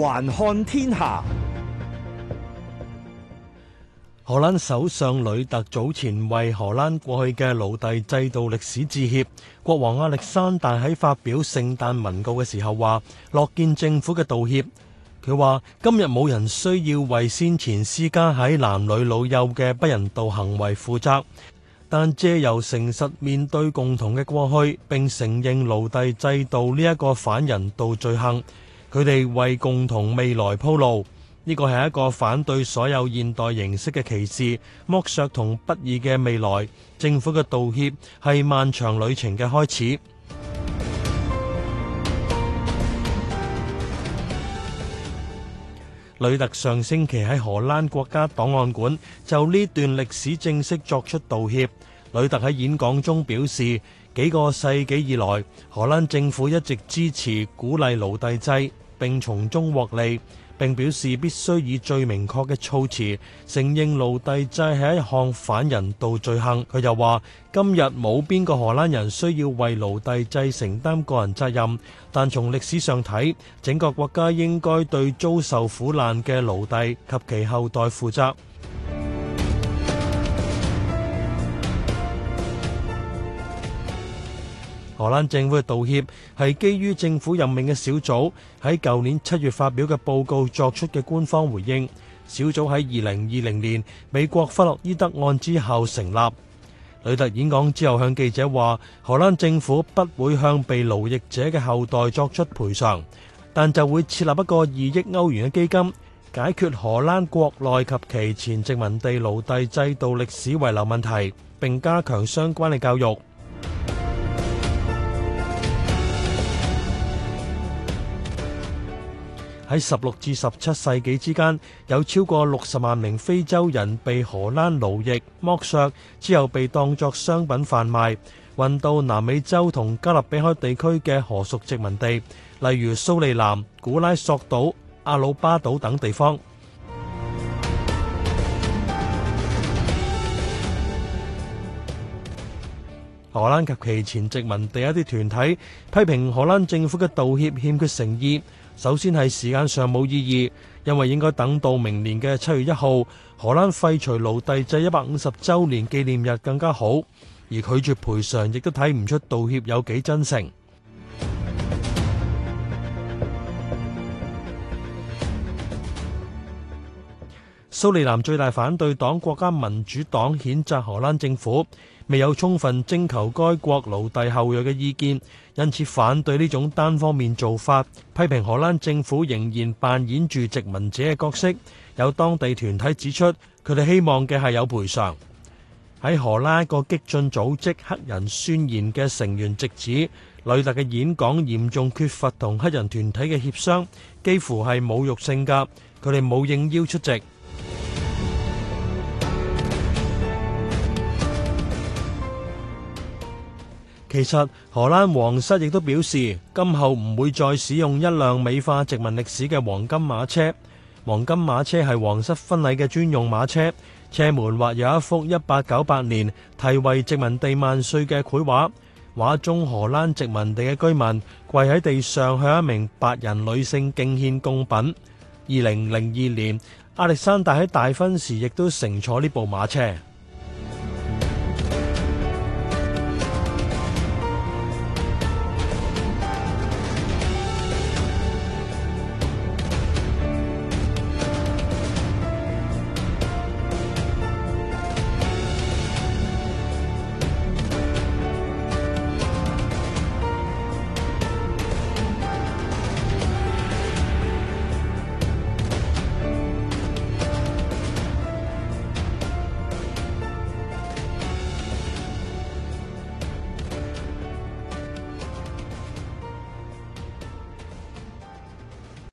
環看天下，荷蘭首相呂特早前為荷蘭過去嘅奴隸制度歷史致歉。國王亞歷山大喺發表聖誕文告嘅時候話，樂見政府嘅道歉。佢話今日冇人需要為先前施加喺男女老幼嘅不人道行為負責，但借由誠實面對共同嘅過去，並承認奴隸制度呢一個反人道罪行。佢哋為共同未來鋪路，呢個係一個反對所有現代形式嘅歧視、剝削同不義嘅未來。政府嘅道歉係漫長旅程嘅開始。 呂特上星期喺荷蘭國家檔案館就呢段歷史正式作出道歉。呂特喺演講中表示。幾個世紀以來，荷蘭政府一直支持、鼓勵奴隸制，并從中獲利，并表示必須以最明確嘅措辭承認奴隸制係一項反人道罪行。佢又話，今日冇邊個荷蘭人需要為奴隸制承擔個人責任，但從歷史上睇，整個國家應該對遭受苦難嘅奴隸及其後代負責。荷蘭政府嘅道歉係基於政府任命嘅小組喺舊年七月發表嘅報告作出嘅官方回應。小組喺二零二零年美國弗洛伊德案之後成立。呂特演講之後向記者話：荷蘭政府不會向被奴役者嘅後代作出賠償，但就會設立一個二億歐元嘅基金，解決荷蘭國內及其前殖民地奴隸制度歷史遺留問題，並加強相關嘅教育。喺十六至十七世紀之間，有超過六十萬名非洲人被荷蘭奴役、剝削，之後被當作商品販賣，運到南美洲同加勒比海地區嘅荷屬殖民地，例如蘇利南、古拉索島、阿魯巴島等地方。荷蘭及其前殖民地一啲團體批評荷蘭政府嘅道歉欠缺誠意。首先係時間上冇意義，因為應該等到明年嘅七月一號，荷蘭廢除奴隸制一百五十週年紀念日更加好。而拒絕賠償，亦都睇唔出道歉有幾真誠。 蘇利南最大反對黨國家民主黨譴責荷蘭政府，未有充分徵求該國奴隸後裔嘅意見，因此反對呢種單方面做法，批評荷蘭政府仍然扮演住殖民者嘅角色。有當地團體指出，佢哋希望嘅係有賠償。喺荷蘭一個激進組織黑人宣言嘅成員直指，呂特嘅演講嚴重缺乏同黑人團體嘅協商，幾乎係侮辱性格。佢哋冇應邀出席。其實荷蘭皇室亦都表示，今後唔會再使用一輛美化殖民歷史嘅黃金馬車。黃金馬車係皇室婚禮嘅專用馬車，車門畫有一幅一八九八年題為《殖民地萬歲》嘅繪畫，畫中荷蘭殖民地嘅居民跪喺地上向一名白人女性敬獻供品。二零零二年，亞歷山大喺大婚時亦都乘坐呢部馬車。